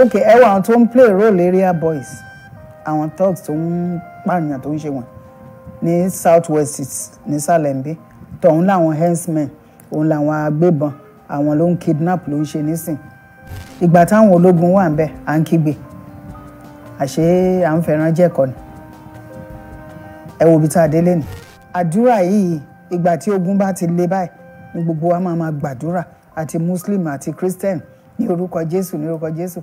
ok ẹ wọ àwọn tó ń play role area boys àwọn thugs tó ń pààyàn tó ń ṣe wọn ní south west ní salembe tọ̀hún làwọn henchmen òun làwọn agbébọn àwọn ló ń kidnap ló ń ṣe nísìn ìgbà táwọn ológun wà ń bẹ à ń kígbe àṣé à ń fẹ́ràn jẹ́kọ̀ọ́ ni ẹ wo ibi tá a dé lé ní. àdúrà yìí ìgbà tí ogun bá ti le báyìí ni gbogbo wa máa ma gbàdúrà àti muslim àti christian ní orúkọ jésù ní orúkọ jésù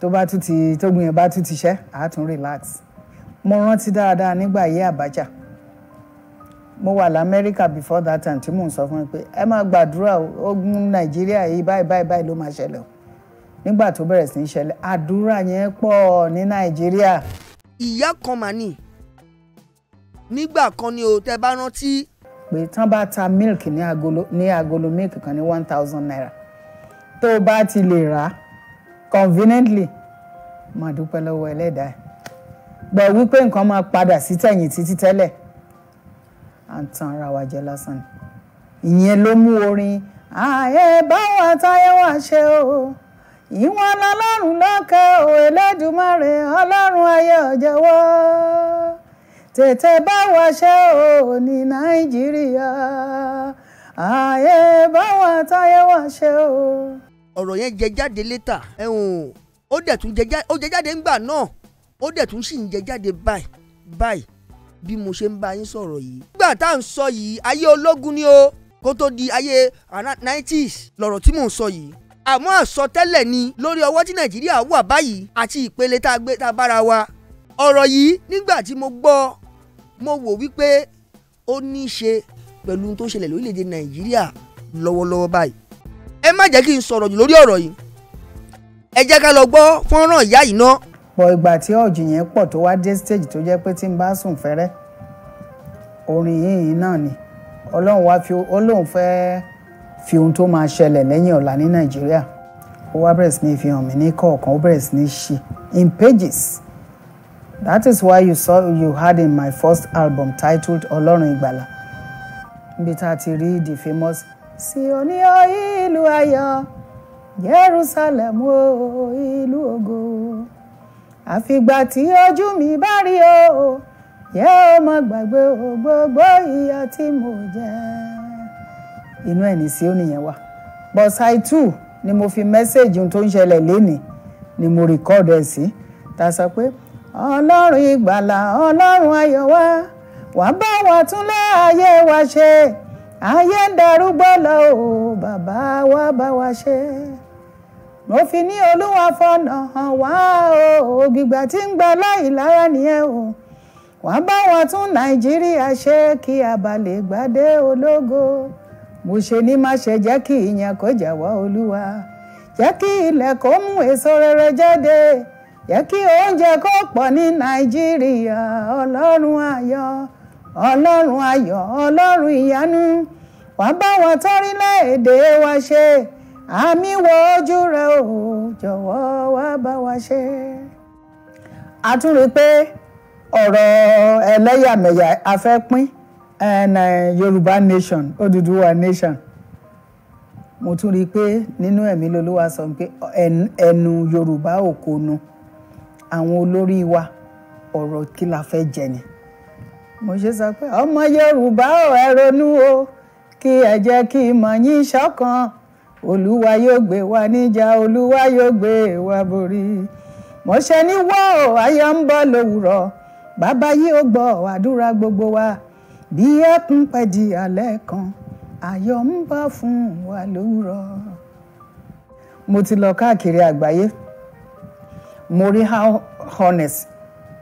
tó bá tún ti tógun yẹn bá tún ti ṣẹ́ àá tún relax mo rántí dáadáa nígbà ayé Abacha mo wà lamẹ́ríkà before that time tí mò ń sọ fún mi pé ẹ máa gbàdúrà ogun nàìjíríà yìí báyìí báyìí báyìí ló máa ṣẹlẹ̀ o nígbà tó bẹ̀rẹ̀ sí í ṣẹlẹ̀ àdúrà yẹn pọ̀ ní nàìjíríà. ìyá kan mà ní nígbà kan ni o tẹ bá rántí. pé tán bá ta mílìkì ní agolo ní agolo mílìkì kan ní one thousand naira tó o bá ti lè rà á conveniently máa dúpẹ́ lọ́wọ́ ẹlẹ́dàá gbọ́ wípé nǹkan máa padà sí tẹ̀yìn títí tẹ́lẹ̀ à ń tan ara wa jẹ lásán ni ìyẹn ló mú orin ààyè báwa táyé wá ṣe o ìwọ̀n lọ́lọ́run lọ́kẹ́ o Ẹlẹ́dùmarè ọlọ́run ayé ọ̀jọ̀wọ́ tètè báwa ṣe o ní Nàìjíríà ààyè báwa táyé wá ṣe o ọ̀rọ̀ yẹn jẹ jáde létà ẹ̀hún ó dẹ̀ tún jẹ jáde ó jẹ jáde ńgbà náà ó dẹ̀ tún sì ń jẹ jáde báyìí báyìí bí mo ṣe ń bá yín sọ̀rọ̀ yìí. gbà tá à ń sọ yìí ayé ológun ni o kó tó di ayé nineties lọ̀rọ̀ tí mò ń sọ yìí àmọ́ àsọtẹ́lẹ̀ ni lórí ọwọ́ tí nàìjíríà wà báyìí àti ìpele tá a gbé tá a bára wa ọ̀rọ̀ yìí nígbà tí mo gbọ́ mo wò wípé ó ní í ṣe pẹ̀lú ohun tó ń ṣẹlẹ̀ lórílẹ̀‐èdè nàìjíríà lọ́wọ́lọ́wọ́ báyìí ẹ má jẹ́ kí n sọ̀rọ̀ jù lórí ọ̀rọ̀ yìí ẹ jẹ́ ká lọ gbọ́ fọ́nrán ìyá yìí ná. pọ̀ ìgbà tí ọ̀jì yẹn pọ̀ tó wá dé stage tó jẹ́ pé tí n bá sùn fẹ́rẹ́ orin yìnyín náà ni ọlọ́run wá fi ọlọ́run fẹ́ fi ohun tó máa ṣẹlẹ̀ lẹ́yìn ọ̀la ní nàìjíríà ó wá bẹ̀rẹ̀ sí ní fi hàn ní kọ̀ọ̀kan ó bẹ̀rẹ̀ sí ní ṣe in pages that is why you saw you had in my first album titled ọlọ́run ìgbàlà níbi tá a ti rí the famous Síónì o ìlú ayọ̀ Jerúsálẹ́mù o ìlú ògo àfìgbà tí ojú mi bá rí o yẹ ó má gbàgbé o gbogbo ìyà tí mo jẹ. inú ẹ̀ ní Síónì yẹn wà bọ́sáì tù ni mo fi mẹ́sẹ̀gì tó ń ṣẹlẹ̀ lénìí ni mo rìkọ́ọ̀dù ẹ̀ sí ta sọ pé ọlọ́run ìgbàlà ọlọ́run ayọ̀ wa wàá bá wa tún láàyè wa ṣe ayé ń darúgbó lọ o bàbá wa bá wa ṣe mo fi ní olúwa fọ̀nà hàn wá o gbígbà tí ń gba láì lára nìyẹn o wà bá wọn tún nàìjíríà ṣe kí abalẹ̀ gbadé ológo mo ṣe ní má ṣe jẹ́ kí ìyẹn kó jà wá olúwa jẹ́ kí ilẹ̀ kó mú èso rere jáde jẹ́ kí oúnjẹ kó pọ̀ ní nàìjíríà ọlọ́run ayọ̀ ọlọ́run ayọ̀ ọlọ́run ìyanu wàá bá wa tọ́rílẹ̀-èdè wa ṣe àmì wo ojú rẹ o jọ̀wọ́ wàá bá wa ṣe. a tún rí i pé ọ̀rọ̀ ẹlẹ́yàmẹ̀yà a uh, yorùbá nation Odùduwà nation mo tún rí i pé nínú ẹ̀mí lolúwa sọ pé ẹnu yorùbá òkonu àwọn olórí wa ọ̀rọ̀ kí la fẹ́ jẹ ni mo ṣe sọ pé ọmọ yorùbá ò ẹ ronú o kí ẹ jẹ́ kí ìmọ̀ yín ṣọ̀kan olúwa yóò gbé wa níjà olúwa yóò gbé wa borí mo ṣe ní wọ́ ayọ̀ ń bọ̀ lówùrọ̀ bàbá yìí ó gbọ́ àdúrà gbogbo wa bí ẹkún pẹ́ di alẹ́ kan ayọ̀ ń bọ̀ fún wa lówùrọ̀. mo ti lọ káàkiri àgbáyé mo rí how honest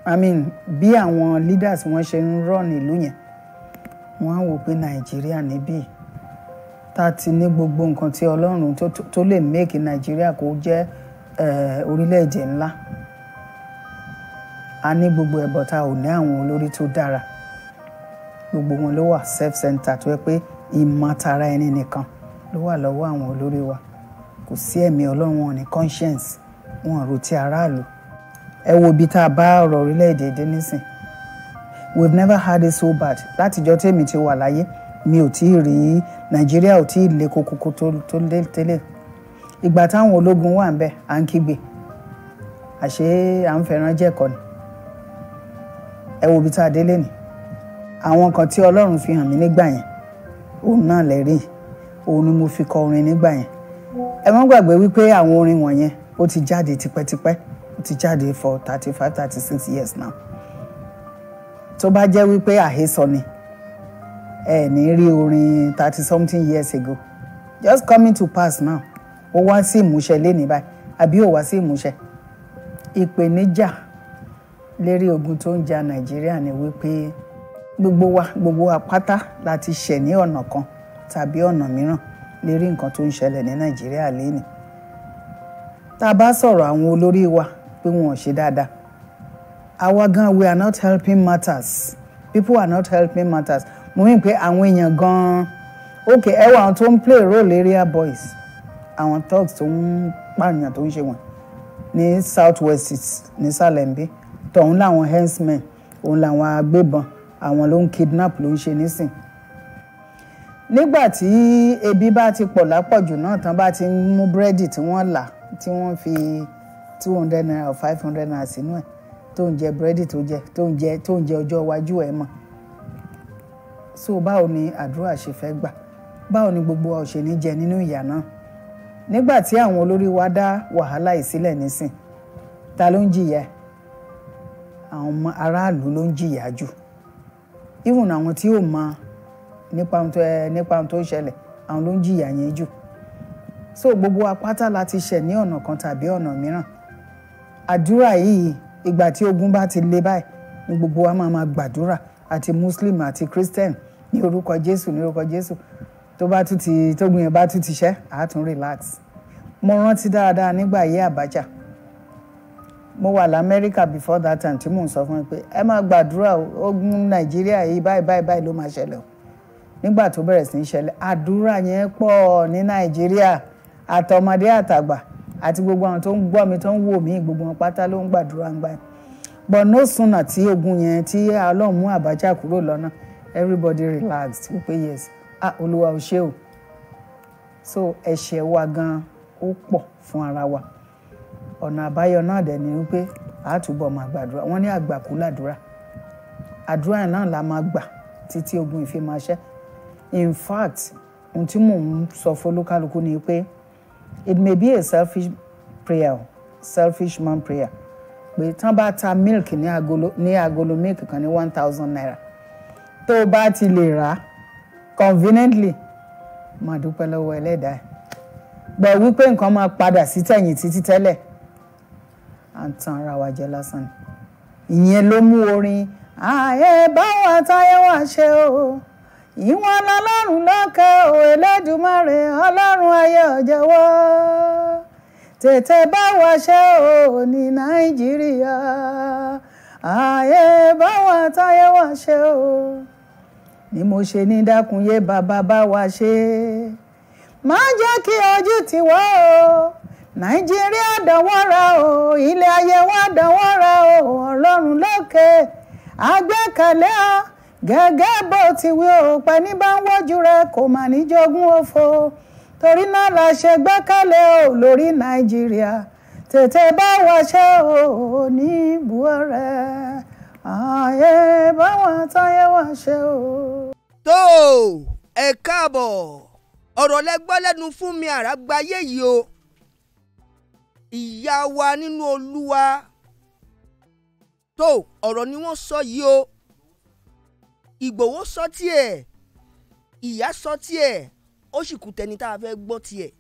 i mean bí àwọn leaders wọn ṣe ń run ìlú yẹn wọn á wò pé nàìjíríà níbí tá a ti ní gbogbo nǹkan tí ọlọ́run tó lè make nàìjíríà kó jẹ́ eh, orílẹ̀-èdè ńlá a ní gbogbo ẹ̀bọ̀ tá a ò ní àwọn olórí tó dára gbogbo wọn ló wà self-centered tó yẹ pé ìmọ̀ tara ẹni nìkan ló wà lọ́wọ́ àwọn olórí wa kò sí ẹ̀mí ọlọ́run wọn ní conscience wọn ò rò ti aráàlú ẹ wo ibi tá a bá ọ̀rọ̀ orílẹ̀-èdè dé nísìn we've never had it so bad látijọ́ tèmi ti wà láyé mi ò tí ì rí nàìjíríà ò tí ì le kokoko tó lé tẹ́lẹ̀ ìgbà táwọn ológun wà ń bẹ̀ à ń kígbe àṣé à ń fẹ́ràn jẹ́kọ̀ ni ẹ wo ibi tá a délé ni àwọn kan tí ọlọ́run fi hàn mí nígbà yẹn òun náà lẹ́rìí òun ni mo fi kọ orin nígbà yẹn ẹ má gbàgbé wípé àwọn orin wọ̀nyẹn ó ti jáde tipẹ́tipẹ́ ti jáde for thirty five thirty six years now tó bá jẹ́ wípé àhesọ ni ẹ ní rí orin thirty something years ago just coming to pass now ó wá sí ìmúṣẹ lénìí báyìí àbí ó wá sí ìmúṣẹ ìpèníjà lérí ogun tó ń ja nàìjíríà ni wípé gbogbo wa gbogbo apáta láti ṣẹ̀ ní ọ̀nà kan tàbí ọ̀nà mìíràn lérí nǹkan tó ń ṣẹlẹ̀ ní nàìjíríà lénìí tá a bá sọ̀rọ̀ àwọn olórí wa pé wọn ò ṣe dáadáa àwa gan we are not helping matters people are not helping matters mo mìn pé àwọn èèyàn gan ok ẹ wà àwọn tó ń play role area boys àwọn thugs tó ń pààyàn tó ń ṣe wọn ní south west ní salembe tọ̀hún làwọn henchmen òun làwọn agbébọn àwọn ló ń kidnap ló ń ṣe nísìn nígbà tí ebi bá ti pọ̀ lápọ̀jù náà tán bá ti ń mú búrẹ́dì tí wọ́n là tí wọ́n fi two hundred naira or five hundred naira sínú ẹ̀ tó ń jẹ búrẹ́dì tó jẹ tó ń jẹ tó ń jẹ ọjọ́ iwájú ẹ̀ mọ̀ so báwo ni àdúrà ṣe fẹ́ gbà báwo ni gbogbo wa ò ṣe ní jẹ nínú ìyà náà nígbà tí àwọn olórí wa dá wàhálà yìí sílẹ̀ nísìn ta ló ń jìyà àwọn ọmọ aráàlú ló ń jìyà jù even àwọn tí ò mọ nípa ohun tó ẹ nípa ohun tó ṣẹlẹ̀ àwọn ló ń jìyà yẹn jù so gbogbo apáta la ti ṣẹ̀ ní ọ̀nà kan tàbí ọ̀nà mìíràn àdúrà yìí ìgbà tí ogun bá ti le báyìí ni gbogbo wa máa máa gbàdúrà àti muslim àti christian ní orúkọ jésù ní orúkọ jésù tó bá tún ti tógun yẹn bá tún ti ṣẹ́ àá relax mo rántí dáadáa nígbà ayé Abacha mo wà lamẹ́ríkà before that time tí mò ń sọ fún mi pé ẹ máa gbàdúrà ogun nàìjíríà yìí báyìí báyìí báyìí ló máa ṣẹlẹ̀ o nígbà tó bẹ̀rẹ̀ sí í ṣẹlẹ̀ àdúrà yẹn pọ̀ ní nàìjíríà àtọmọdé àtàgbà àti gbogbo àwọn tó ń gbọ́ mi tó ń wò mí gbogbo wọn pátá ló ń gbàdúrà ń gbà yẹn but no sooner tí ogun yẹn tí Ọlọ́run mú Abacha kúrò lọ́nà everybody relaxed wípé yes ah Olúwa ò ṣe o so ẹ̀ṣẹ̀ wa gan ó pọ̀ fún ara wa ọ̀nà àbáyọ náà dẹ̀ ni wípé àtúbọ̀ máa gbàdúrà wọ́n ní àgbàkú làdúrà àdúrà náà la máa gbà títí ogun ìfimàṣẹ́ in fact ohun tí mò ń sọ fún olúkálukú ni pé it may be a selfish prayer selfish man prayer pé tán bá ta milk ní agolo ní agolo milk kan ní one thousand naira tó o bá ti lè rà conveniently máa dúpẹ́ lọ́wọ́ ẹlẹ́dàá gbọ́ wípé nǹkan máa padà sí tẹ̀yìn títí tẹ́lẹ̀ à ń tan ara wa jẹ lásán ni ìyẹn ló mú orin ààyè báwa táyé wá ṣe o ìwọ̀n lọ́lọ́run lọ́kẹ́ o Olódùmarè ọlọ́run ayé ọ̀jọ̀wọ́ tètè bá wa ṣe ò ní Nàìjíríà ààyè bá wa táyé wa ṣe ò ni mo ṣe ní dákúnyé bàbá bá wa ṣe má jẹ́ kí ojú ti wọ́ o Nàìjíríà dánwọ́ra o ilé ayé wa dánwọ́ra o ọlọ́run lókè àgbékalẹ̀ o. gẹ́gẹ́ bó ti wí o pẹ́ ní bá ń wọ́jú rẹ kò mà ní jogún òfo torí náà la ṣe gbẹ́kẹ̀lé o lórí nàìjíríà tètè bá wa ṣe o ní ìbúwọ́ rẹ ààyè báwọn táyé wá ṣe o. tó ẹ káàbọ̀ ọ̀rọ̀ lẹ́gbọ́ fún mi àràgbáyé yìí o ìyá wa nínú olúwa tó ọ̀rọ̀ ni wọ́n sọ yìí o. Ìgbòho sọ tiẹ̀ ìyá sọ tiẹ̀ ó sì kù tẹni tá a fẹ́ gbọ́ tiẹ̀.